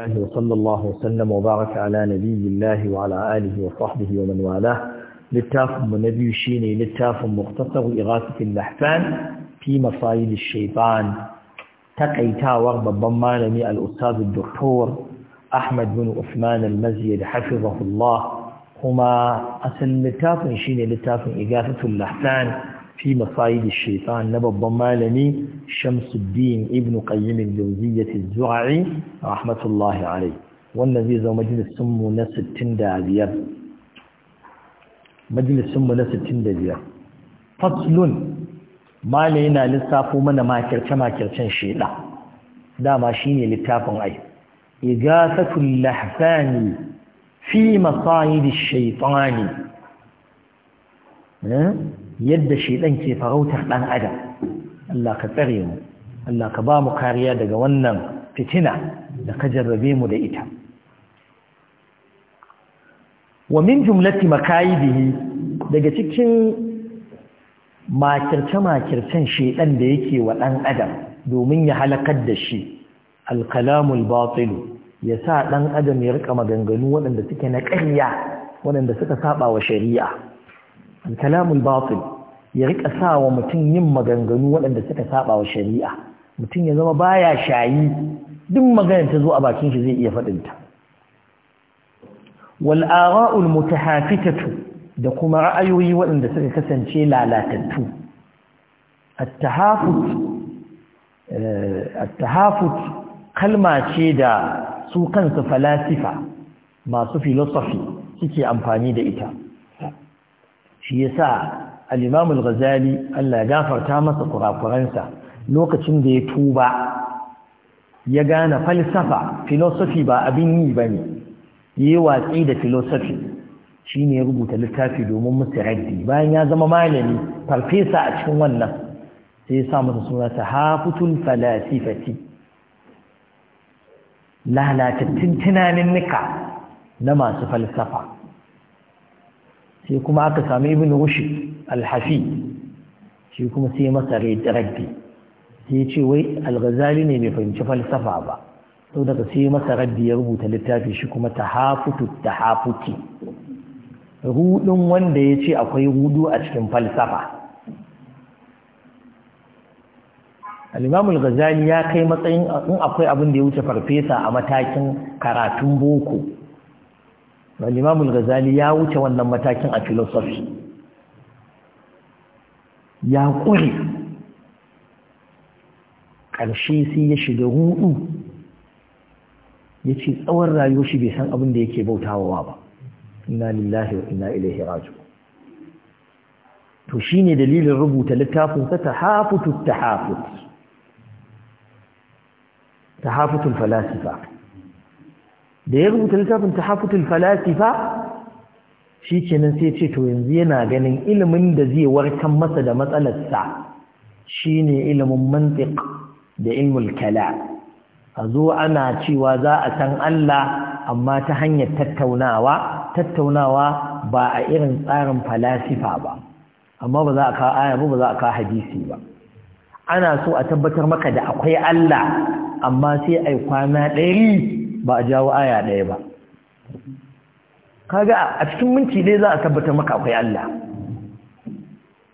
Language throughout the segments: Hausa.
الله وصلى الله وسلم وبارك على نبي الله وعلى آله وصحبه ومن والاه للتاف نبي شيني للتاف مختصر إغاثة اللحفان في مصايد الشيطان تقيتا وغب بمالمي الأستاذ الدكتور أحمد بن عثمان المزيد حفظه الله هما أسن للتاف شيني للتاف إغاثة اللحفان في مصايد الشيطان نبى الضمالني شمس الدين ابن قيم الجوزية الزرعي رحمة الله عليه والنبي زو مجلس سم نس التندى زياد مجلس سم نس التندى بيب فصل لينا لسافو من ما كرتما كرتن شيطا دا اللي لتافن أي إغاثة اللحفان في مصايد الشيطان yadda shedan ke farautar dan adam Allah ka tsare mu Allah ka ba mu kariya daga wannan fitina da ka jarrabe mu da ita wa min jumlati makayidihi daga cikin makirce-makircen shedan da yake wa dan adam domin ya halakar da shi alkalamul batilu ya sa dan adam ya rika maganganu waɗanda suke na ƙarya waɗanda suka saba wa shari'a alkalamul batil ya rika sa wa mutum yin maganganu waɗanda suka saba wa shari'a mutum ya zama baya shayi duk maganar ta zo a bakin shi zai iya faɗin ta wal ara'ul mutahafitatu da kuma ra'ayoyi waɗanda suka kasance lalatattu at-tahafut eh, at-tahafut kalma ce da su kansu falasifa masu filosofi suke amfani da ita shi yasa al-imam al-ghazali Allah ya gafarta masa kurakuransa lokacin da ya tuba ya gane falsafa filosofi ba abin yi bane yi watsi da philosophy shine ya rubuta littafi domin musu raddi bayan ya zama malami farfesa a cikin wannan sai ya sa masa suna tahafutul falasifati lalatattun tunanin nika na masu falsafa sai kuma aka samu ibn rushd alhafi shi kuma sai masa raddi sai ya ce wai alghazali ne bai fahimci falsafa ba sau daga sai masa raddi ya rubuta littafi shi kuma ta hafuki, rudin wanda ya ce akwai rudu a cikin falsafa al'imamul ghazali ya kai matsayin in akwai abin da ya wuce farfesa a matakin karatun boko al'imamul ghazali ya wuce wannan matakin a filosofi ya ƙure ƙarshe sai ya shiga ruɗu ya ce tsawon rayuwar shi bai san abin da yake bautawa ba Ina lillahi wa inna ilaihi raji'un to ne dalilin rubuta littafin sa tahafutut tahafut tahafutul falasifa da ya rubuta littafin ta tahafutul falasifa shi kenan sai ce to yanzu yana ganin ilimin da zai warkan masa da matsalarsa shine ilimin mantiq da ilmul kala a zo ana cewa za a san Allah amma ta hanyar tattaunawa tattaunawa ba a irin tsarin falasifa ba amma ba za a kawo aya ba za a kawo hadisi ba ana so a tabbatar maka da akwai Allah amma sai ai kwana ɗari ba a jawo aya ɗaya ba kaga a cikin minti dai za a tabbatar maka akwai Allah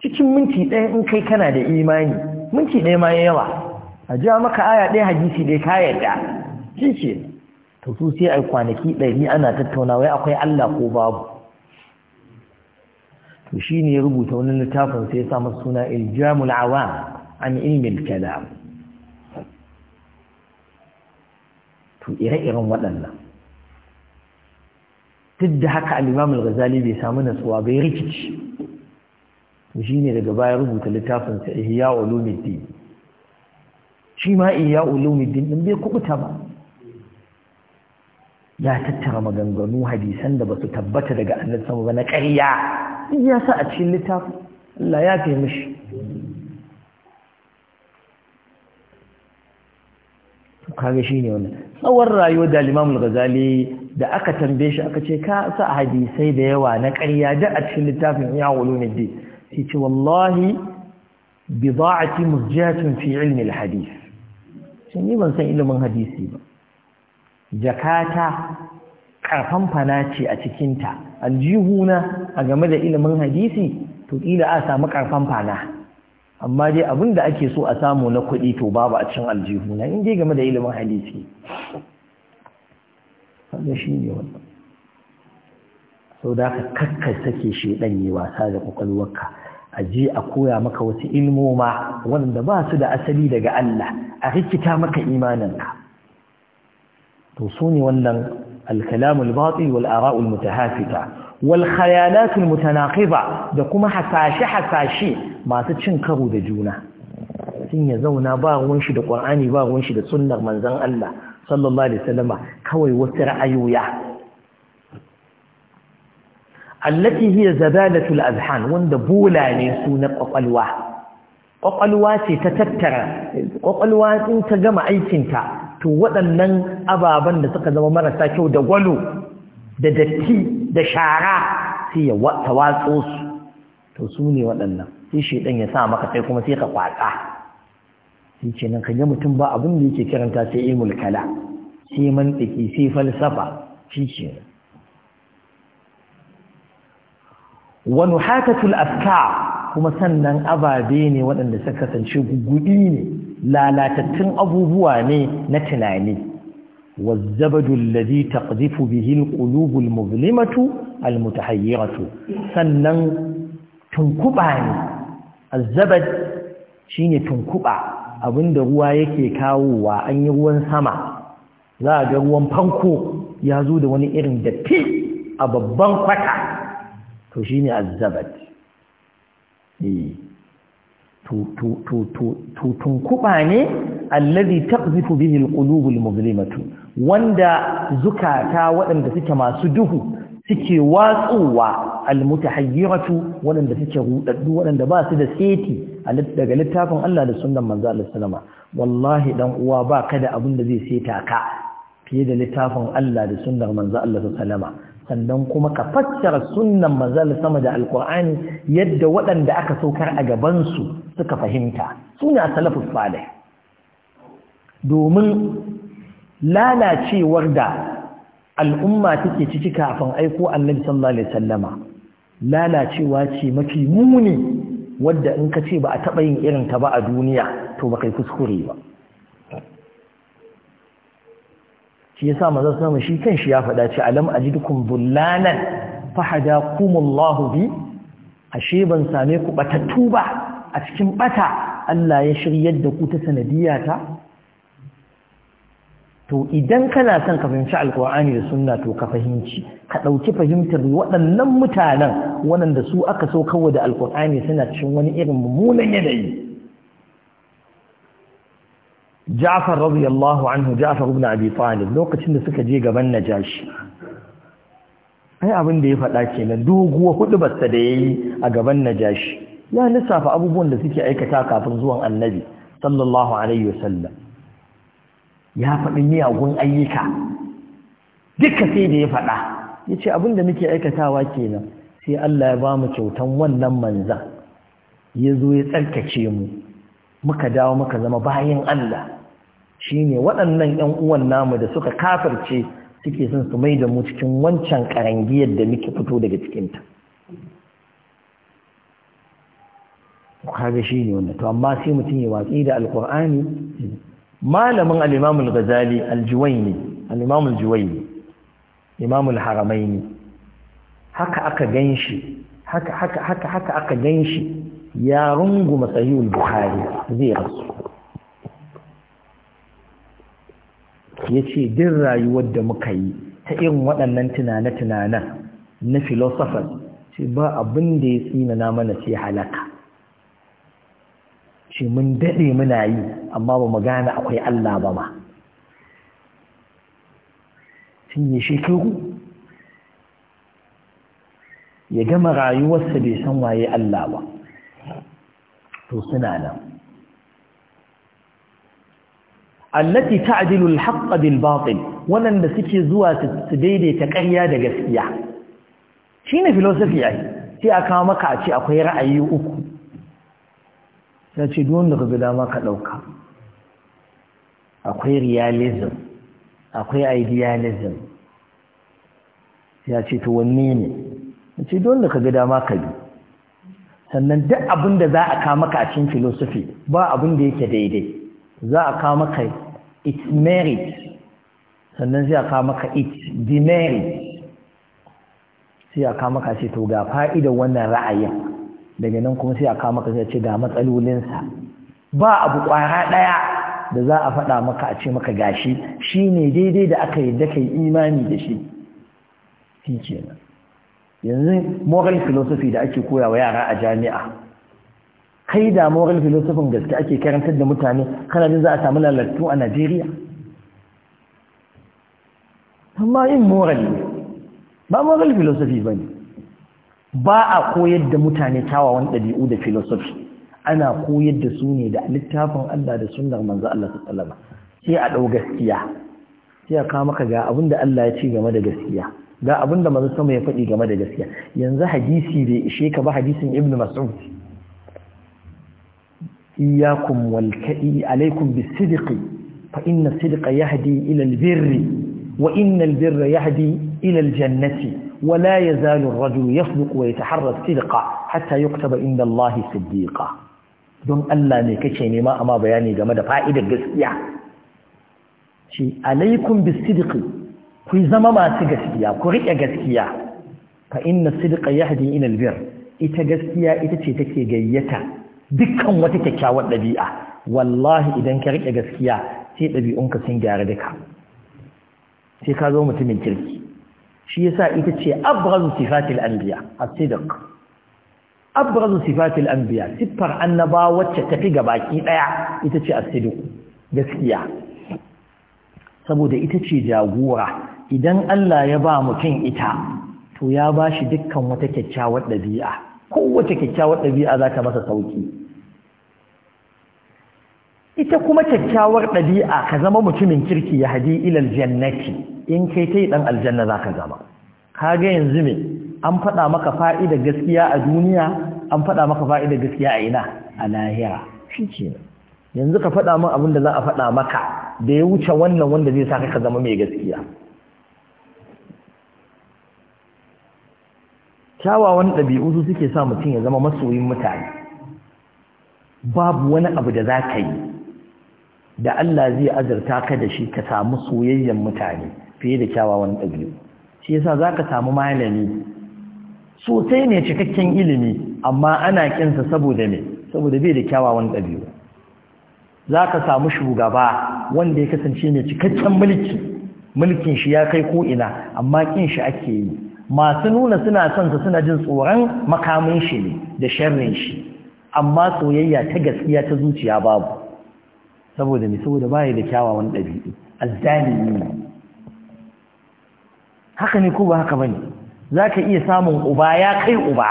cikin minti ɗaya in kai kana da imani minti ɗaya ma yawa a jiya maka aya ɗaya hadisi ɗaya ka yarda shi ce to su sai ai kwanaki ɗari ana tattauna wai akwai Allah ko babu to shi ya rubuta wani littafin sai ya sa masa suna iljamul awam an ilmin kalam to ire-iren waɗannan duk da haka al’imam imam al-ghazali bai samu natsuwa bai rikici shi ne daga baya rubuta littafin sa ihya ulumuddin shi ma ihya ulumuddin din bai kubuta ba ya tattara maganganu hadisan da basu tabbata daga annabi sama ba na ƙarya ya sa a cikin littafin Allah ya fi mishi kaga ne wannan tsawon rayuwa da Imam Ghazali da aka tambaye shi aka ce ka sa hadisai da yawa na ƙarya da a cikin littafin ya dai shi ce wallahi bida'ati murjihatun fi ilmi al-hadith shin ni ban san ilimin hadisi ba jakata karfan fana ce a cikinta aljihuna a game da ilimin hadisi to kila a samu karfan fana amma dai abin da ake so a samu na kuɗi to babu a cin aljihu na in game da ilimin hadisi wanda shi ne wannan sau da aka kakkar take shaidan yi wasa da kwakwalwarka a je a koya maka wasu ilmoma wanda ba su da asali daga Allah a rikita maka imaninka to su ne wannan alkalamul batil wal ara'ul mutahafita wal khayalatul mutanaqiba da kuma hasashe hasashe masu cin karo da juna sun ya zauna ba ruwan shi da Qur'ani ba ruwan shi da sunnar manzon Allah sallallahu alaihi wasallama kawai wasu ra'ayoya allati hiya zabalatul azhan wanda bola ne su na kwakwalwa kwakwalwa ce ta tattara kwakwalwa in ta gama aikinta to waɗannan ababen da suka zama marasa kyau da gwalo da datti da shara sai ya wata su to su ne waɗannan sai shedan ya sa maka sai kuma sai ka kwatsa Sai ce nan kaje mutum ba abin da yake kiranta sai ilmul kala sai mantiki sai falsafa shi ce wa al afkar kuma sannan ababe ne waɗanda suka kasance guguɗi ne lalatattun abubuwa ne na tunani والزبد الذي تقذف به القلوب المظلمة المتحيرة سنن تنكبع الزبد شين تنكبع abinda ruwa yake kawowa an yi ruwan sama za a ga ruwan fanko ya zo da wani irin datti a babban kwata to shine azzabad tutun kuɓa ne allazi taqzifu bihi ƙulubul muzlimatu wanda zukata waɗanda suke masu duhu suke watsowa almutahayyiratu waɗanda suke rudaddu waɗanda ba su da seti daga littafin Allah da sunnan manzo Allah sallama wallahi dan uwa ba ka da abin da zai seta ka fiye da littafin Allah da sunnar manzo Allah sallama sannan kuma ka fassara sunnan manzo Allah sama da alqur'ani yadda waɗanda aka saukar a gaban su suka fahimta suna as-salafus salih domin lalacewar da al'umma take ciki kafin aiko annabi sallallahu alaihi lalacewa ce mafi muni wadda in ka ce ba a taɓa yin irin ta ba a duniya to ba kai kuskure ba shi yasa maza sama shi kan shi ya faɗa ce alam ajidukum bullanan fahadakumullahu bi ashe ban same ku batattu ba a cikin ɓata. Allah ya shiryar da ku ta sanadiyata to idan kana son ka fahimci alkur'ani da sunna to ka fahimci ka ɗauki fahimtar waɗannan mutanen waɗanda su aka so kawai da alkur'ani suna cikin wani irin mummunan yanayi Ja'far radiyallahu anhu Ja'far ibn Abi Talib lokacin da suka je gaban Najashi ai abin da ya faɗa kenan doguwa hudubarsa da yayi a gaban Najashi ya lissafa abubuwan da suke aikata kafin zuwan Annabi sallallahu alaihi wasallam ya faɗi miyagun ayyuka duka sai da ya faɗa ya ce abinda muke aikatawa kenan sai Allah ya ba mu kyautan wannan manzan ya zo ya tsarkace mu muka dawo muka zama bayan Allah shi ne waɗannan ‘yan uwan namu da suka kafarce suke son su mai da mu cikin wancan ƙarangiyar da muke fito daga cikinta kaga shi ne wannan to amma sai mutum ya watsi da alƙur'ani malamin al-imam al-ghazali al-juwayni al-imam al-juwayni al ghazali al juwayni al al al haramaini haka aka ganshi haka haka haka haka aka ya rungu masahihul bukhari zai rasu ce, din rayuwar da muka yi ta irin waɗannan tunane-tunanen na filosofal ce ba abin da ya tsina na mana ce halaka ce mun daɗe muna yi amma ba mu gane akwai Allah ba ma sun yi shekaru ya gama rayuwarsa bai san waye Allah ba to suna nan allati ta'dilu al-haqq bil batil wannan da suke zuwa su daidaita ƙarya da gaskiya shine philosophy ai sai aka maka a ce akwai ra'ayi uku ya ce duwanda ka gida ka ɗauka akwai realism akwai idealism ya ce to wanne ne ya ce duwanda ka gida ma ka bi sannan duk abin da za a kawo maka a cikin philosophy ba abin da yake daidai za a ka maka its merit sannan zai a ka maka its demerit sai a kama maka ce to ga fa'idar wannan ra'ayin daga nan kuma sai a kawo maka ce ga matsalolinsa ba abu kwara ɗaya da za a faɗa maka a ce maka gashi shi ne daidai da aka yi da kai imani da shi shi kenan yanzu moral philosophy da ake koya wa yara a jami'a kai da moral philosophy gaske ake karantar da mutane kana jin za a samu lalattu a Najeriya amma yin moral ba moral philosophy bane ba a koyar da mutane kyawawan ɗabi'u da filosofi ana koyar da su ne da littafin Allah da sunnar manzo Allah sallallahu sai a ɗau gaskiya sai a kawo maka ga abinda Allah ya ce game da gaskiya ga abinda manzo sama ya faɗi game da gaskiya yanzu hadisi bai ishe ka ba hadisin ibnu Mas'ud iyyakum wal kadi alaikum sidqi fa inna sidqa yahdi ila al-birri wa inna al-birra yahdi ila al-jannati ولا يزال الرجل يصدق ويتحرى الصدق حتى يكتب عند الله صديقا don Allah ne kake nema amma bayani game da fa'idar gaskiya shi alaikum bisidqi ku zama masu gaskiya ku rike gaskiya fa inna sidqa yahdi ila albir ita gaskiya ita ce take gayyata dukkan wata kyakkyawar dabi'a wallahi idan ka rike gaskiya sai dabi'unka sun gyara duka sai ka zo mutumin kirki shi yasa ita ce abrazu sifatil anbiya as-sidq abrazu sifatil anbiya siffar annaba wacce tafi gabaki daya ita ce as-sidq gaskiya saboda ita ce jagora idan Allah ya ba mutum ita to ya ba shi dukkan wata kyakkyawar ɗabi'a kowace kyakkyawar ɗabi'a za ta masa sauki ita kuma kyakkyawar ɗabi'a ka zama mutumin kirki ya hadi ilal jannati in kai ta yi dan aljanna zaka zama kage yanzu me an faɗa maka fa'ida gaskiya a duniya an faɗa maka fa'ida gaskiya a ina a lahira shi ce yanzu ka faɗa min abin da za a faɗa maka da ya wuce wannan wanda zai sa ka zama mai gaskiya kyawawan ɗabi'u su suke sa mutum ya zama masoyin mutane babu wani abu da za ka yi da Allah zai azurta ka da shi ka samu soyayyen mutane fiye da kyawawan ɗabi'u shi yasa za ka samu malami sosai ne cikakken ilimi amma ana kinsa saboda ne saboda bai da kyawawan ɗabi'u za ka samu shugaba wanda ya kasance mai cikakken mulki mulkin shi ya kai ko'ina amma kin shi ake yi masu nuna suna son sa suna jin tsoron makamin shi ne da sharrin shi amma soyayya ta gaskiya ta zuciya babu saboda ne saboda baya da kyawawan ɗabi'u azzalimi haka ne ko ba haka bane zaka iya samun uba ya kai uba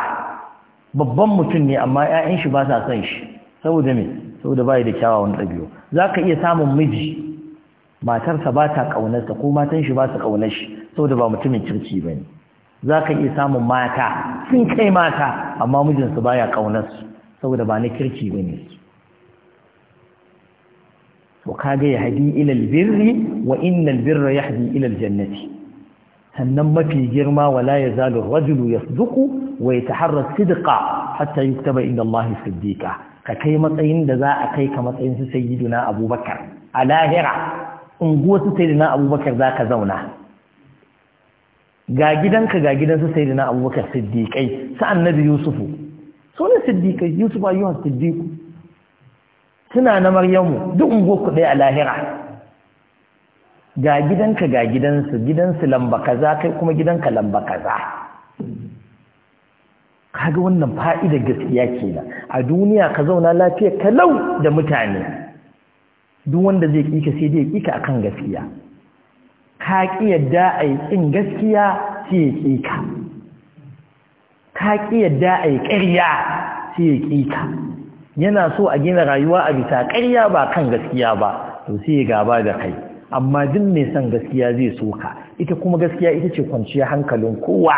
babban mutum ne amma ƴaƴan shi ba sa son shi saboda me saboda bai da kyawawan ɗabi'u zaka iya samun miji matarsa ba ta kaunarsa ko matan shi ba su kaunar shi saboda ba mutumin kirki bane zaka iya samun mata sun kai mata amma mijinsu baya kaunarsu saboda ba na kirki bane su وكاجي يهدي إلى البر وإن البر يهدي إلى الجنة sannan mafi girma wala ya zalu rajulu yasduqu wa yataharra sidqa hatta yuktaba inda Allah ka kai matsayin da za a kai ka matsayin su sayyiduna Abubakar a lahira unguwa su sayyiduna Abubakar za ka zauna ga gidanka ga gidan su sayyiduna Abubakar siddiqai su annabi Yusufu sunan siddiqai Yusuf ayyuha siddiq tuna na Maryamu duk unguwa ku dai a lahira ga gidanka ga gidansu gidansu lamba kaza kai kuma gidanka lamba kaza kaga wannan fa'idar gaskiya kenan a duniya ka zauna lafiya kalau da mutane duk wanda zai kika sai dai kika akan gaskiya ka ki yadda yi kin gaskiya sai ya kika ka ki yadda a yi ƙarya sai ya kika yana so a gina rayuwa a bisa ƙarya ba kan gaskiya ba to sai ya gaba da kai amma jin mai son gaskiya zai soka ita kuma gaskiya ita ce kwanciya hankalin kowa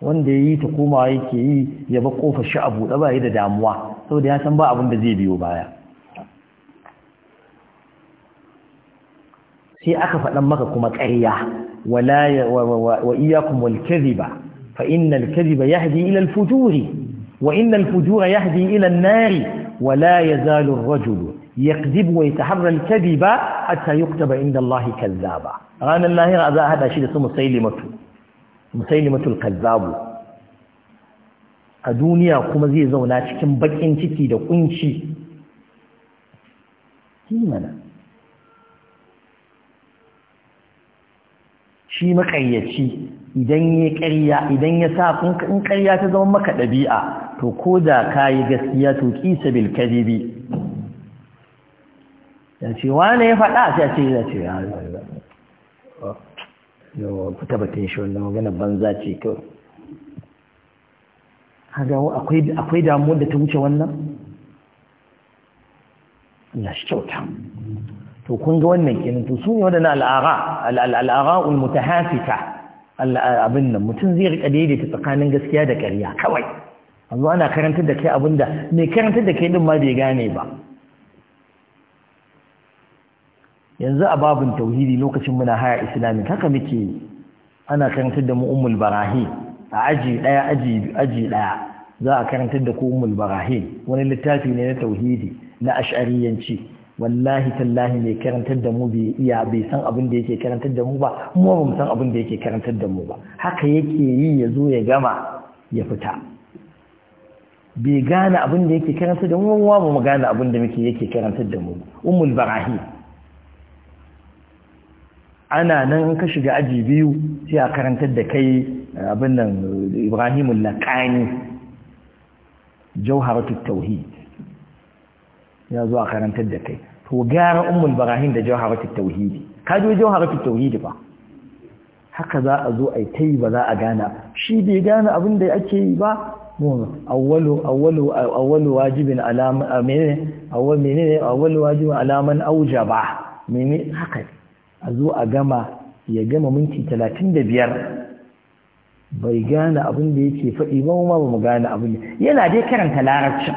wanda ya yi ta komawa yake yi ya ba kofa shi a buɗe ba da damuwa saboda ya san ba abin da zai biyo baya sai aka faɗan maka kuma ƙarya wa iyakun ba, fa innal kaziba yahdi ila ilal fujuri wa innal fujura yahdi ila ilal nari wa la yazalu ar-rajulu يكذب ويتحرى الكذب حتى يكتب عند الله كذابا رانا الله هذا هذا شيء اسمه مسيلمة مسيلمة الكذاب a duniya kuma zai zauna cikin bakin ciki da kunci mana shi makayyaci idan ya idan ya sa in karya ta zama maka ɗabi'a to ko da ka yi gaskiya to ƙisa bil kadibi ya ce wane ya faɗa a ce ya ce ya yawa ku tabbatin shi wannan magana banza ce kawai haga akwai damuwar da ta wuce wannan na shi kyauta to kun ga wannan kenan to su ne waɗannan al'ara al'ara ulmutahafita abin nan mutum zai rika daidaita tsakanin gaskiya da ƙarya kawai amma ana karantar da kai abin da mai karantar da kai din ma bai gane ba yanzu a babin tauhidi lokacin muna haya islamic haka muke ana karantar da mu ummul barahi a aji daya aji aji daya za a karantar da ku ummul barahi wani littafi ne na tauhidi na ash'ariyanci wallahi tallahi mai karantar da mu bai iya bai san abin da yake karantar da mu ba mu ba mu san abin da yake karantar da mu ba haka yake yi ya zo ya gama ya fita bai gane abin da yake karantar da mu ba mu gane abin da muke yake karantar da mu ummul barahi ana nan in ka shiga aji biyu sai a karantar da kai eh, abin nan ibrahimu lakani jauharatu tauhid ya zo a karantar da kai to gyara ummul Ibrahim da jauharatu tauhid ka ji jauharatu tauhid ba haka za a zo a yi ba za a gana shi bai gana abin da ake yi ba awwalu awwalu awwalu wajibin alama menene awwal menene wajibin alaman aujaba menene haka a zo a gama ya gama minti talatin da biyar bai gane abin da yake faɗi ba ma ba mu gane abin da yana dai karanta larabci,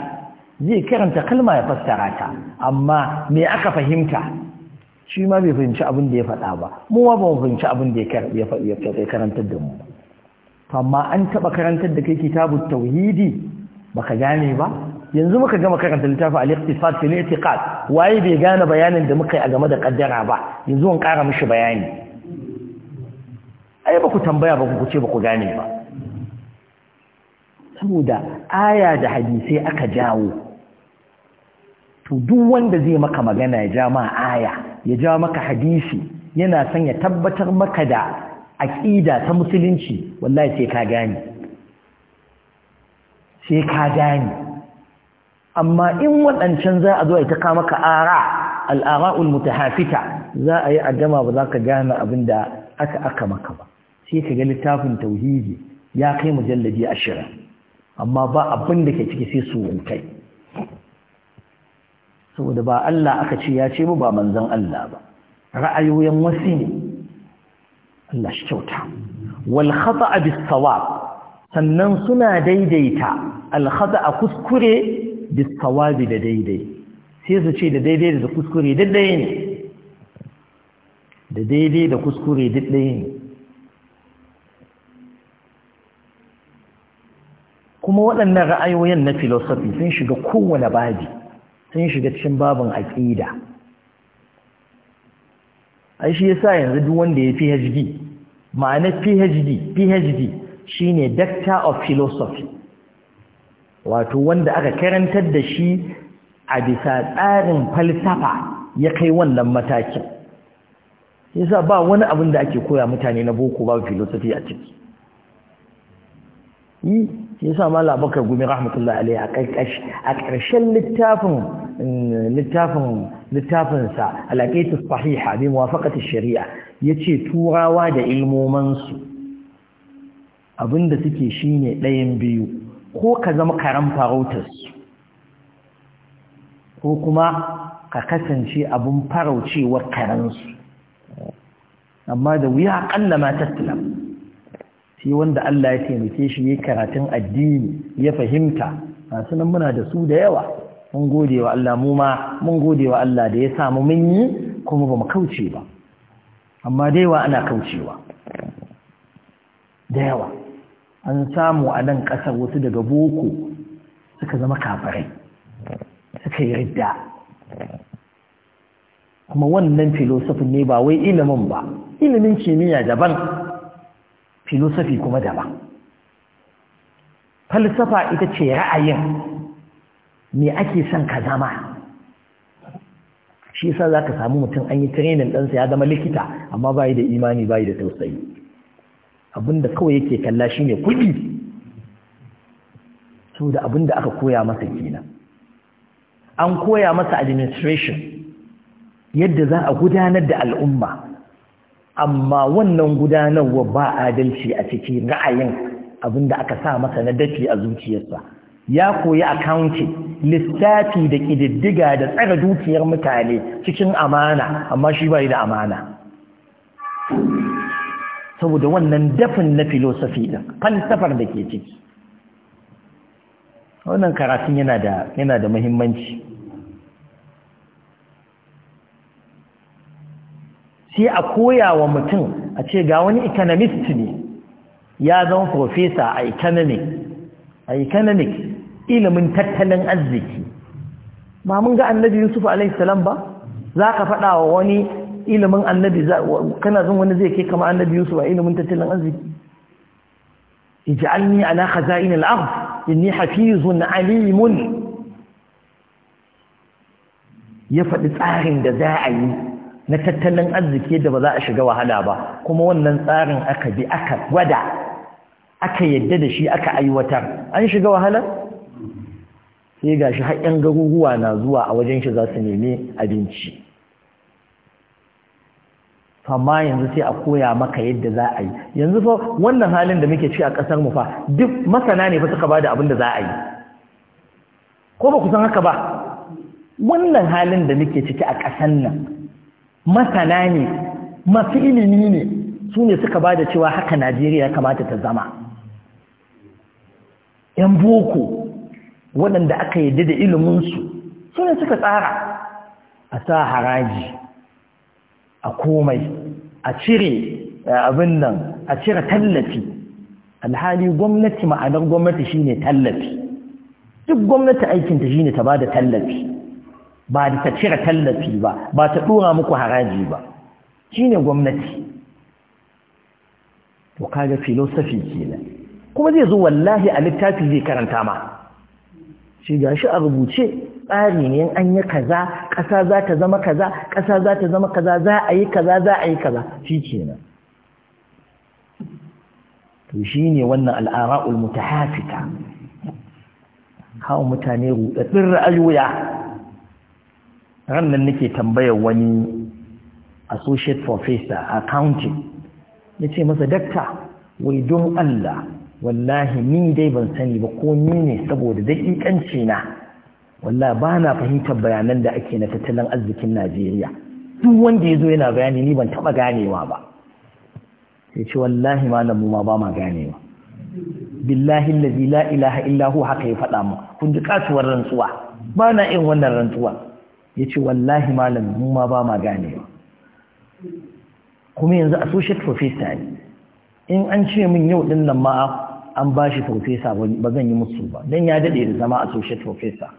zai karanta kalma ya fassara ta amma me aka fahimta shi ma bai fahimci abin da ya faɗa ba mu ma ba mu fahimci abin da ya karantar da mu amma an taɓa karantar da kai kitabun tauhidi baka gane ba yanzu muka gama karanta littafin al-iqtisad fil i'tiqad waye bai gane bayanin da muka yi a game da kaddara ba yanzu an kara mishi bayani ai ba ku tambaya ba ku ce ba ku gane ba saboda aya da hadisai aka jawo to duk wanda zai maka magana ya ja ma aya ya ja maka hadisi yana son ya tabbatar maka da aqida ta musulunci wallahi sai ka gane sai ka gane amma in waɗancan za a zo a ta kama ka ara al'ara mutahafita za a yi addama ba za ka gane abin da aka aka maka ba sai ka ga littafin tauhidi ya kai mujalladi ashirin amma ba abin da ke ciki sai su saboda ba Allah aka ce ya ce ba ba manzon Allah ba ra'ayoyin wasu ne Allah shi kyauta wal khata'a bis sannan suna daidaita al khata'a kuskure bisawabi da daidai sai su ce da daidai da kuskure duk ɗaya ne da daidai da kuskure duk ɗaya ne kuma waɗannan ra'ayoyin na filosofi sun shiga kowane babi sun shiga cikin babin aƙida ai shi yasa yanzu duk wanda ya PhD ma'anar PhD PhD shine Doctor of Philosophy wato wanda aka karantar da shi a bisa tsarin falsafa ya kai wannan matakin yasa ba wani abin da ake koya mutane na boko ba filosofi a ciki yi yasa mala bakar gumi rahmatullah alaihi a ƙarshen littafin mm, littafin littafin sa alaqaitu bi muwafaqati shari'a yace turawa da ilmomansu abinda suke shine ɗayan biyu ko ka zama karen farautarsu ko kuma ka kasance abin faraucewar karansu amma da wuya akalla ma tattalam sai wanda Allah ya taimake shi ya karatun addini ya fahimta masu nan muna da su da yawa mun gode wa Allah mu ma mun gode wa Allah da ya samu mun yi kuma ba mu kauce ba amma da yawa ana kaucewa da yawa an samu a nan ƙasar wasu daga boko suka zama kafarai suka yi ridda kuma wannan filosofin ne ba wai ilimin ba ilimin kimiyya daban filosofi kuma daban falsafa ita ce ra'ayin me ake son ka zama shi yasa za ka samu mutum an yi training ɗansa ya zama likita amma bai da imani bai da tausayi abinda kawai yake kalla shi ne kudi so da abinda aka koya masa kenan an koya masa administration yadda za a gudanar da al'umma amma wannan gudanarwa ba adalci a ciki ra'ayin abinda aka sa masa na dafi a zuciyarsa ya koyi accounting lissafi da ƙididdiga da tsara dukiyar mutane cikin amana amma shi bai da amana saboda wannan dafin na filosofi ɗin falsafar da ke ciki wannan karatun yana da yana da muhimmanci sai a koya wa mutum a ce ga wani economist ne ya zama profesa a economic a economic ilimin tattalin arziki ba mun ga annabi yusuf a.s. ba za ka faɗa wa wani ilimin annabi kana zan wani zai kai kama annabi yusuf a ilimin tattalin arziki ala khaza'in al-ard inni hafizun alimun ya faɗi tsarin da za a yi na tattalin arziki da ba za a shiga wahala ba kuma wannan tsarin aka bi aka gwada aka yadda da shi aka aiwatar an shiga wahala sai gashi har 'yan garuruwa na zuwa a wajen shi za su nemi abinci amma yanzu sai a koya maka yadda za a yi yanzu fa wannan halin da muke ciki a ƙasar mu fa duk masana ne fa suka ba da abin da za a yi ko ba ku san haka ba wannan halin da muke ciki a ƙasar nan masana ne masu ilimi ne su ne suka ba da cewa haka najeriya ya kamata ta zama yan boko waɗanda aka yadda da iliminsu su ne suka tsara a sa haraji a komai a cire eh, abin nan a cire tallafi alhali gwamnati ma'anar gwamnati shine tallafi duk gwamnati aikinta shine ta bada tallafi ba ta cire tallafi ba ba ta ɗora muku haraji ba shine gwamnati to kaga filosofi kenan kuma zai zo wallahi a littafi zai karanta ma shi gashi a rubuce tsari ne an yi kaza ƙasa za ta zama kaza ƙasa za ta zama kaza za a yi kaza za a yi kaza shi ce nan to shi ne wannan al'ara'ul hafita, kawo mutane rudaddin ra'ayoya rannan nake tambayar wani associate professor accounting na ce masa dakta wai don Allah wallahi ni dai ban sani ba ko ni ne saboda daƙiƙanci na wallahi ba na fahimtar bayanan da ake na tattalin arzikin Najeriya duk wanda ya zo yana bayani ni ban taɓa ganewa ba sai ce wallahi ma ba ma ganewa billahi allazi la ilaha illa hu haka ya faɗa mu kun ji kasuwar rantsuwa ba na yin wannan rantsuwa ce wallahi malam mu ma ba ma ganewa kuma yanzu associate professor ne in an ce min yau din nan ma an bashi professor ba zan yi musu ba dan ya dade da zama associate professor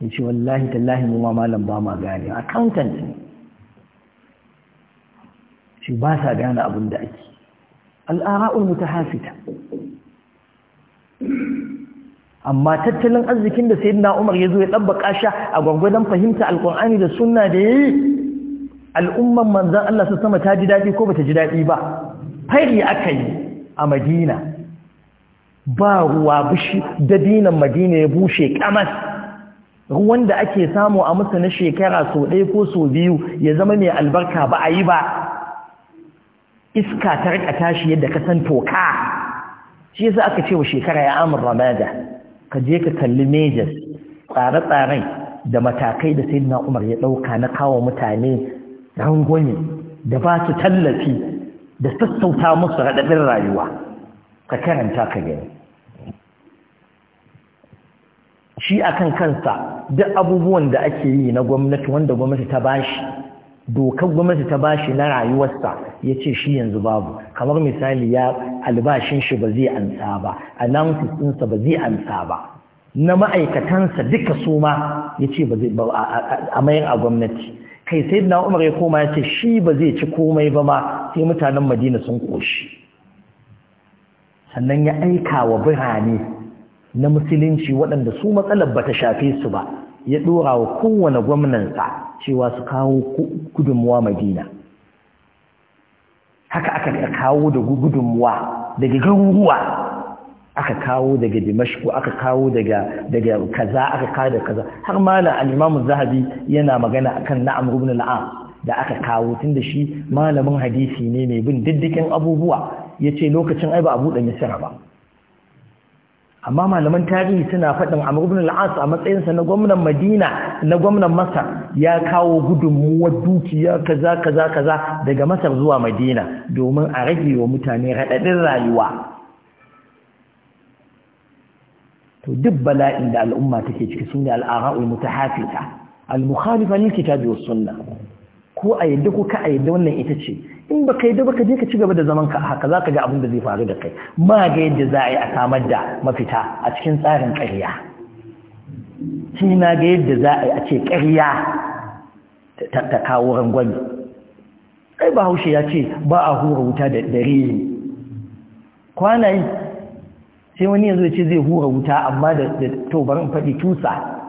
ya ce wallahi tallahi mu ma malam ba ma gane accountant ne shi ba sa gane abin da ake al'ara'ul mutahafita amma tattalin arzikin da sayyidina Umar ya zo ya dabbaka kasha a gwangwadon fahimta Alƙur'ani da sunna da yayi al'umman manzan Allah su sama ta ji daɗi ko bata ji daɗi ba fari yi a Madina ba ruwa bishi da dinan Madina ya bushe kamar. ruwan da ake samu a musu na shekara sau ɗaya ko sau biyu ya zama mai albarka ba a yi ba iska ta rika tashi yadda ka san toka shi yasa aka ce wa shekara ya amur ramada ka je ka kalli majors tsare-tsaren da matakai da sayyidina umar ya ɗauka na kawo mutane rangwame da ba su tallafi da sassauta musu raɗaɗin rayuwa ka karanta ka gani shi akan kansa duk abubuwan da ake yi na gwamnati wanda gwamnati ta bashi dokar gwamnati ta bashi na rayuwarsa ya ce shi yanzu babu kamar misali ya albashin shi ba zai ansa ba announcement ɗinsa ba zai ansa ba na ma'aikatansa duka su ma ya ce ba a mayan a gwamnati kai sai na umar ya koma ya ce shi ba zai ci komai ba ma sai mutanen madina sun ƙoshi sannan ya aika wa birane na musulunci waɗanda su matsalar ba ta shafe su ba ya ɗora wa kowane gwamnansa cewa su kawo gudunmuwa madina haka aka kawo da gudunmuwa daga garuruwa aka kawo daga dimashku aka kawo daga kaza aka kawo daga kaza har malam na al'imamu zahabi yana magana kan na'am rubin al da aka kawo tun da shi malamin hadisi ne mai bin diddikin abubuwa Ya ce lokacin ai ba a buɗe misira ba amma malaman tarihi suna faɗin amr ibn al-as a matsayinsa na gwamnan madina na gwamnan masar ya kawo gudunmuwar dukiya kaza kaza kaza daga masar zuwa madina domin a rage wa mutane raɗaɗin rayuwa to duk bala'in da al'umma take ciki sun ne al'ara'ul mutahafita al-mukhalifa lil kitabi was sunnah ko a yadda ko ka a yadda wannan ita ce in ba ka yadda ba ka je ka ci gaba da zaman ka haka za ka ga abin da zai faru da kai ma ga yadda za a yi a samar da mafita a cikin tsarin ƙarya shi na ga yadda za a yi a ce ƙarya ta kawo rangwani kai ba haushe ya ce ba a hura wuta da dare kwana yi sai wani yanzu ya ce zai hura wuta amma da tobarin faɗi tusa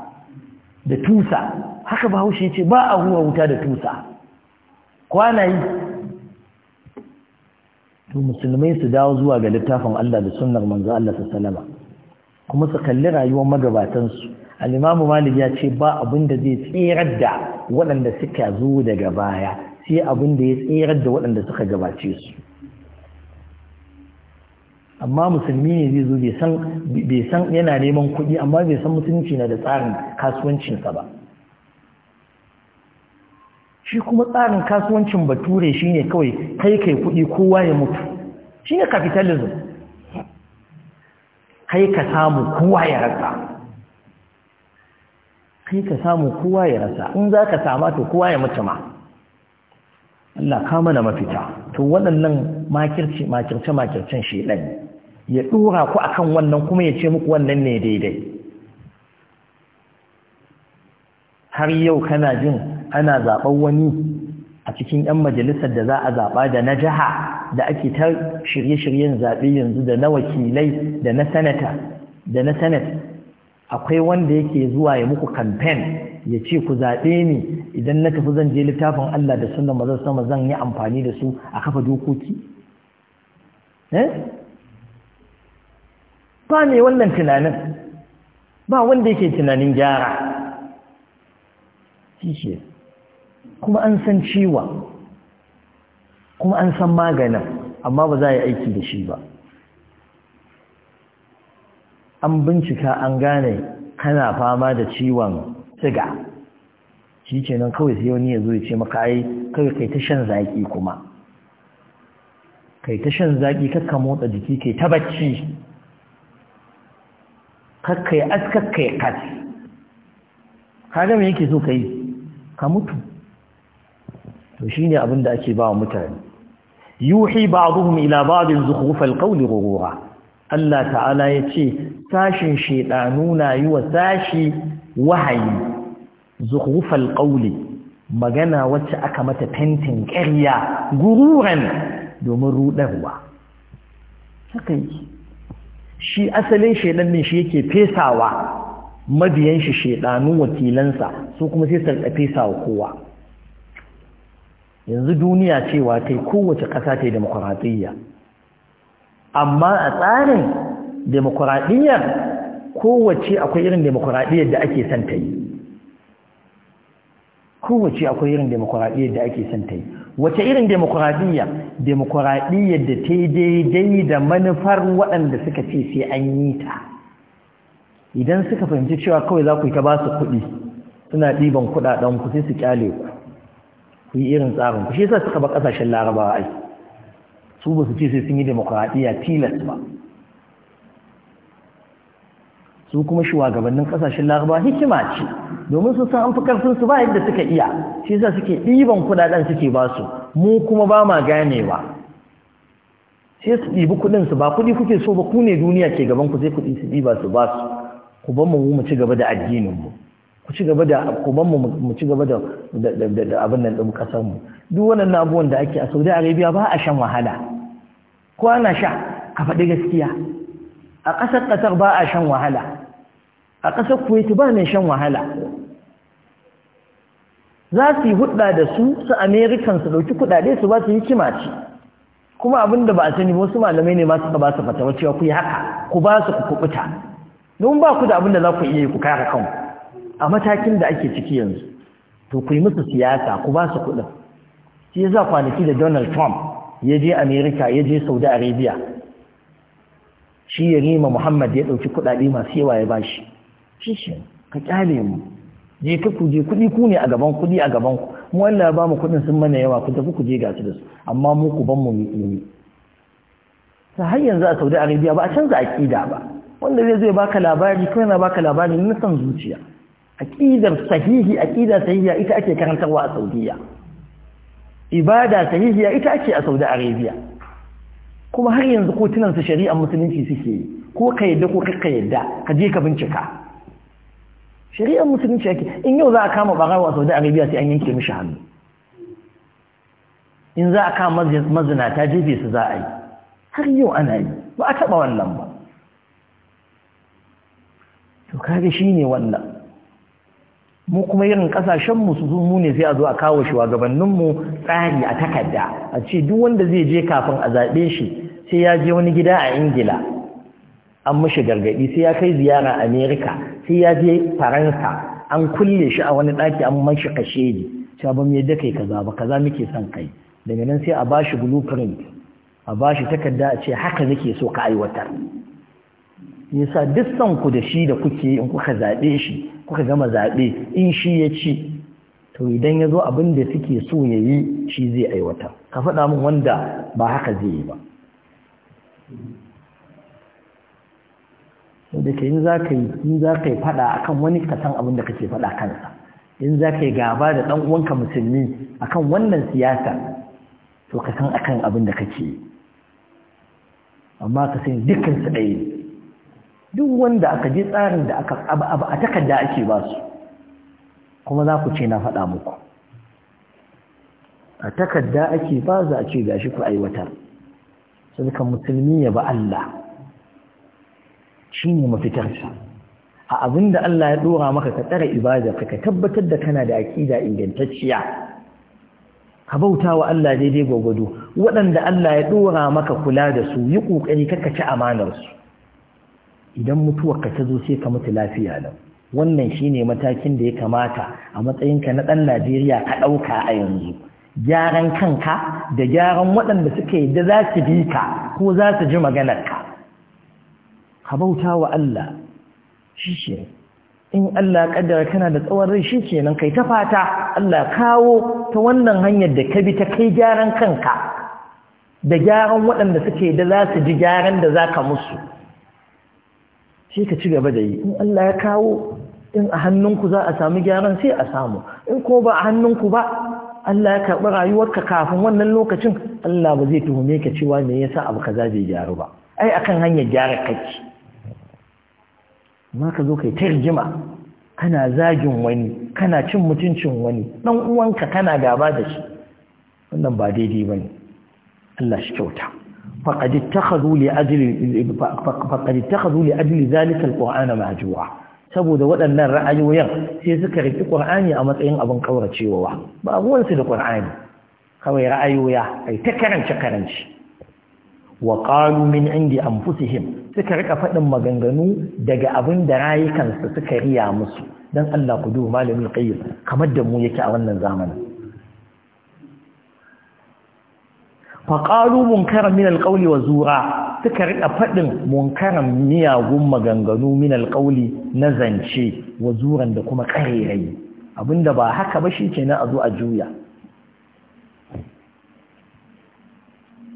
da tusa haka ba haushe ya ce ba a hura wuta da tusa kwana yi to musulmai su dawo zuwa ga littafin Allah da sunnar manzo Allah sallama kuma su kalli rayuwar magabatansu al-imamu malik ya ce ba abin da zai tsirar da waɗanda suka zo daga baya sai abin da ya tsirar da waɗanda suka gabace su amma musulmi ne zai zo bai san yana neman kuɗi amma bai san mutunci na da tsarin kasuwancinsa ba shi kuma tsarin kasuwancin bature shi ne kawai kai kai kudi kowa ya mutu Shi ne capitalism kai ka samu kowa ya rasa kai ka samu kowa ya rasa in za ka sama to kowa ya mutu ma Allah ka mana mafita to waɗannan makirce makirce makircen ɗan, ya ɗora ku akan wannan kuma ya ce muku wannan ne daidai har yau kana jin ana zaɓar wani a cikin 'yan majalisar da za a zaɓa da na jiha da ake ta shirye-shiryen zaɓe yanzu da na wakilai da na sanata da na sanat akwai wanda yake zuwa ya muku kamfen ya ce ku zaɓe ni idan na tafi zan je littafin Allah da sunan mazan sama zan yi amfani da su a kafa dokoki? Eh? ba ne wannan tunanin ba wanda yake tunanin gyara kuma an san ciwon kuma an san maganin amma ba za a yi aiki da shi ba an bincika an gane kana fama da ciwon siga shi kenan kawai sai wani ya zo ya ce maka ai kawai kai ta shan zaƙi kuma kai ta shan zaƙi kakka motsa jiki kai ta bacci kakka ya aska kakka kati kada mai yake so ka yi ka mutu to shine abin da ake ba mutane yuhi ba'dhum ila ba'd zukhruf al rurura. Allah ta'ala yace sashin shedanu na yi wa sashi wahayi zukhruf al magana wacce aka mata fentin ƙarya gururan domin rudarwa shi asalin shedan ne shi yake fesawa mabiyan shi shedanu wakilansa su kuma sai sarƙa fesawa kowa yanzu duniya cewa ta kowace ƙasa ta yi demokuraɗiyya amma a tsarin demokuraɗiyyar kowace akwai irin demokuraɗiyyar da ake son ta yi kowace akwai irin demokuraɗiyyar da ake son ta yi wace irin demokuraɗiyya demokuraɗiyyar da ta yi daidai da manufar waɗanda suka ce sai an yi ta idan suka fahimci cewa kawai za ku yi ta ba su kuɗi suna ɗiban kuɗaɗen ku sai su ƙyale ku ku yi irin tsarin ku shi yasa suka ba kasashen larabawa ai su ba su ce sai sun yi demokradiyya tilas ba su kuma shugabannin kasashen larabawa hikima ce domin sun san an karfin su ba yadda suka iya shi yasa suke ɗiban kudaden suke ba su mu kuma ba ma ganewa sai su ɗibi kuɗin su ba kuɗi kuke so ba ku ne duniya ke gaban ku sai kuɗi su ɗiba su ba su ku ban mu mu ci gaba da addinin mu ku ci gaba da kuban mu mu ci gaba da abin nan din kasar mu duk wannan abubuwan da ake a Saudi Arabia ba a shan wahala ko ana sha ka faɗi gaskiya a ƙasar ƙasar ba a shan wahala a ƙasar Kuwait ba mai shan wahala za su yi hudda da su su American su dauki kuɗaɗe su ba su yi kimaci kuma abin da ba a sani wasu malamai ne ma suka ba su fata cewa ku yi haka ku ba su ku kubuta don ba ku da abin da za ku iya yi ku kare kanku a matakin da ake ciki yanzu to ku yi musu siyasa ku ba su kuɗin shi ya za kwanaki da donald trump ya je america ya je saudi arabia shi ya rima muhammad ya ɗauki kuɗaɗe masu yawa ya bashi shi shi ka kyale mu je ka ku je kuɗi ku ne a gaban kuɗi a gaban ku mu Allah ba mu kuɗin sun mana yawa ku tafi ku je ga su da su amma mu ku ban mu mu ta har yanzu a saudi arabia ba a canza aƙida ba wanda zai zai baka labari ko na baka labari na san zuciya aƙidar sahihi aqida sahihiya ita ake karantarwa a saudiya ibada sahihiya ita ake a saudi arabia kuma har yanzu su shari'ar musulunci suke ko ka yadda ko ka yadda ka je ka bincika shari'ar musulunci ake in yau za a kama barawa a saudi arabia sai an yanke mishi hannu in za a kama mazinata jefe su za a yi har yau ana yi ba a taɓa wannan ba to kage shi wannan mu kuma irin kasashen mu su mu ne sai a zo a kawo shugabannin mu tsari a takarda a ce duk wanda zai je kafin a zaɓe shi sai ya je wani gida a Ingila an mashi gargaɗi sai ya kai ziyara America sai ya je Faransa an kulle shi a wani ɗaki an mashi kashedi cewa ba mu yadda kai kaza ba kaza muke son kai daga nan sai a bashi blueprint a bashi takarda a ce haka nake so ka aiwatar yasa duk san ku da shi da kuke in kuka zaɓe shi kuka gama zaɓe in shi ya ci to idan yazo zo abin da suke so ya yi shi zai aiwata ka faɗa min wanda ba haka zai yi ba da za ka yi in za yi faɗa akan wani ka san abin da kake faɗa kansa in za ka yi gaba da ɗan uwanka musulmi akan wannan siyasa to ka san akan abin da kake yi amma ka san dukkan su ɗaya ne duk wanda aka ji tsarin da aka abu a takarda ake ba su kuma za ku ce na faɗa muku a takarda ake ba za a ce gashi ku aiwatar sadaka musulmi ya ba Allah shine mafitarsa a abinda Allah ya ɗora maka ka tsara ibada ka tabbatar da kana da aƙida ingantacciya ka bauta wa Allah daidai gwagwado waɗanda Allah ya ɗora maka kula da su yi ƙoƙari kakkaci amanarsu idan mutuwar ka ta zo sai ka mutu lafiya lau wannan shine matakin da ya kamata a matsayinka na ɗan Najeriya ka ɗauka a yanzu gyaran kanka da gyaran waɗanda suka yi da za su bi ka ko za su ji maganar ka bauta wa Allah shi ce in Allah ƙaddara kana da tsawon rai shi ce nan kai ta fata Allah kawo ta wannan hanyar da ka bi ta kai gyaran kanka da gyaran waɗanda suke da za su ji gyaran da za ka musu shi ka ci gaba da yi in Allah ya kawo in a hannunku za a samu gyaran sai a samu in ko ba a hannunku ba Allah ya karɓi rayuwarka kafin wannan lokacin Allah ba zai tuhume ka cewa me yasa abu kaza bai gyaru ba ai akan hanyar gyara kake ma ka zo kai ta rigima kana zagin wani kana cin mutuncin wani Ɗan uwanka kana gaba da shi wannan ba daidai bane Allah shi kyauta فقد اتخذوا لأجل فقد اتخذوا لأجل ذلك القرآن مهجورا saboda waɗannan ra'ayoyin sai suka riƙi ƙur'ani a matsayin abin ƙauracewa ba abuwansu da ƙur'ani kawai ra'ayoya ai ta karance karance wa qalu min indi anfusihim suka rika faɗin maganganu daga abin da rayukansu suka riya musu dan Allah ku duba malamin qayyim kamar da mu yake a wannan zamanin faƙalu munkaran min alƙauli wa zura suka riƙa faɗin munkaran miyagun maganganu min alƙauli na zance wa zuran da kuma ƙarerai abinda ba haka ba shi ke na a zo a juya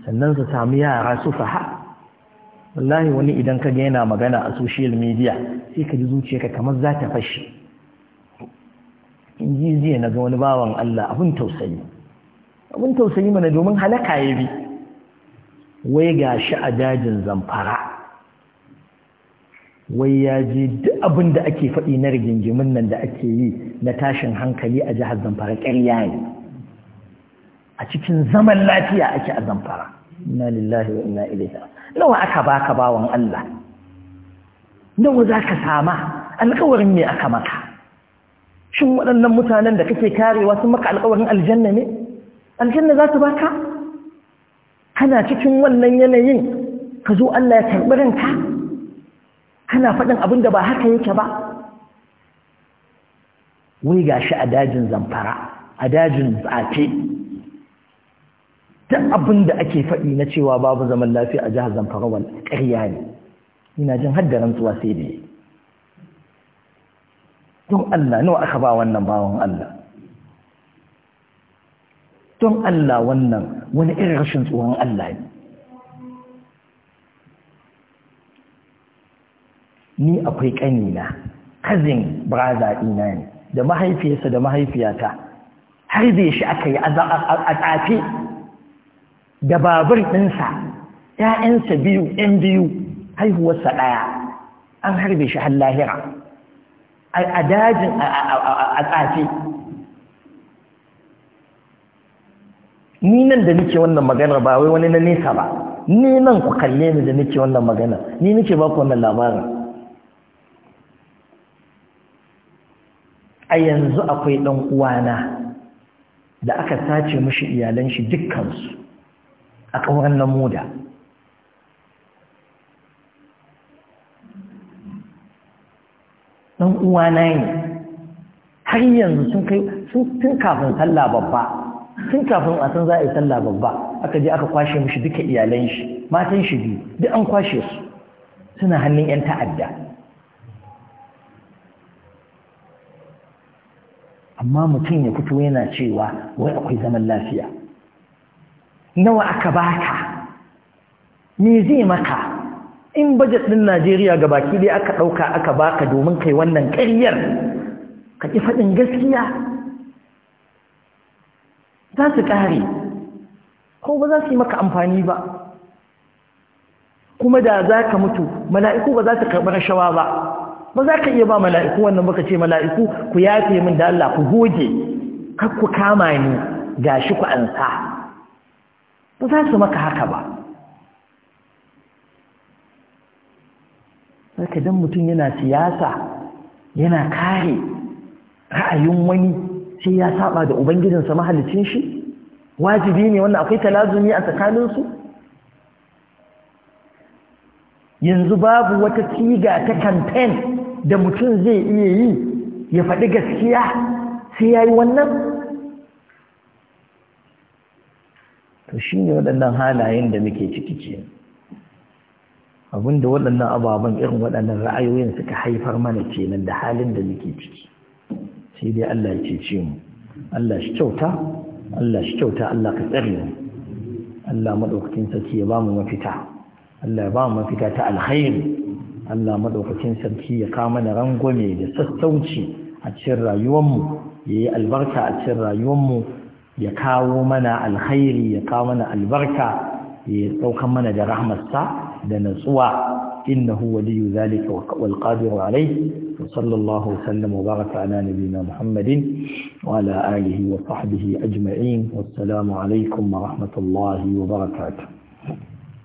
sannan su sami yara su faha wallahi wani idan ka yana magana a social media sai ka ji zuciyarka kamar za ta fashe in ji zai na ga wani bawan Allah abin tausayi abin tausayi mana domin halaka ya bi wai ga shi a dajin zamfara wai ya ji duk abin da ake faɗi na rigingimin nan da ake yi na tashin hankali a jihar zamfara ƙarya ne a cikin zaman lafiya ake a zamfara Na lillahi wa ina ilaihi nawa aka baka bawan Allah nawa za ka sama alƙawarin me aka maka shin waɗannan mutanen da kake karewa sun maka alkawarin aljanna ne aljanna za ta baka kana cikin wannan yanayin ka zo Allah ya karɓi ranka kana faɗin abin da ba haka yake ba wai ga shi a dajin zamfara a dajin zace ta abin da ake faɗi na cewa babu zaman lafiya a jihar zamfara wal ƙarya ne ina jin hadda rantsuwa sai da don Allah nawa aka ba wannan bawan Allah don Allah wannan wani irin rashin tsoron Allah ne ni akwai ƙanina kazin braza ɗina ne da mahaifiyarsa da mahaifiyata har zai shi aka yi a tsafe. da babur ɗinsa ‘ya'yansa biyu ‘yan biyu haihuwarsa ɗaya an harbe shi har lahira a dajin a tsafe. ni nan da nake wannan magana ba wai wani na nesa ba ni nan ku kalle ni da nake wannan magana ni nake ba ku wannan labarin a yanzu akwai ɗan uwana da aka sace mishi iyalan shi dukkansu a ƙauran namuda ɗan uwana ne har yanzu sun kai sun kafin sallah babba tun kafin a san za a yi sallah babba aka je aka kwashe mishi duka iyalan shi matan shi biyu duk an kwashe su suna hannun 'yan ta'adda amma mutum ya fito yana cewa wai akwai zaman lafiya nawa aka baka me zai maka in bajet din Najeriya ga baki dai aka ɗauka aka baka domin kai wannan ƙaryar ka ki faɗin gaskiya za su ƙare ko ba za su yi maka amfani ba kuma da za ka mutu mala'iku ba za su karɓi rashawa ba ba za ka iya ba mala'iku wannan baka ce mala'iku ku yafe min da Allah ku goge kar ku kama ni shi ku ansa ba za su maka haka ba Sarka don mutum yana siyasa yana kare ra'ayin wani sai ya saba da ubangijinsa mahalicin shi wajibi ne wannan akwai talazumi a tsakaninsu yanzu babu wata tiga ta campaign da mutum zai iya yi ya faɗi gaskiya sai ya yi wannan to shi ne waɗannan halayen da muke ciki ce abinda waɗannan ababen irin waɗannan ra'ayoyin suka haifar mana kenan da halin da muke ciki sai dai Allah ya cece mu Allah shi kyauta Allah shi kyauta Allah ka tsare mu Allah madaukakin sarki ya ba mu mafita Allah ya ba mu mafita ta alkhairi Allah madaukakin sarki ya kawo mana rangwame da sassauci a cikin rayuwarmu ya yi albarka a cikin rayuwarmu ya kawo mana alkhairi ya kawo mana albarka ya ɗaukan mana da rahmarsa da natsuwa إنه ولي ذلك والقادر عليه وصلى الله وسلم وبارك على نبينا محمد وعلى آله وصحبه أجمعين والسلام عليكم ورحمة الله وبركاته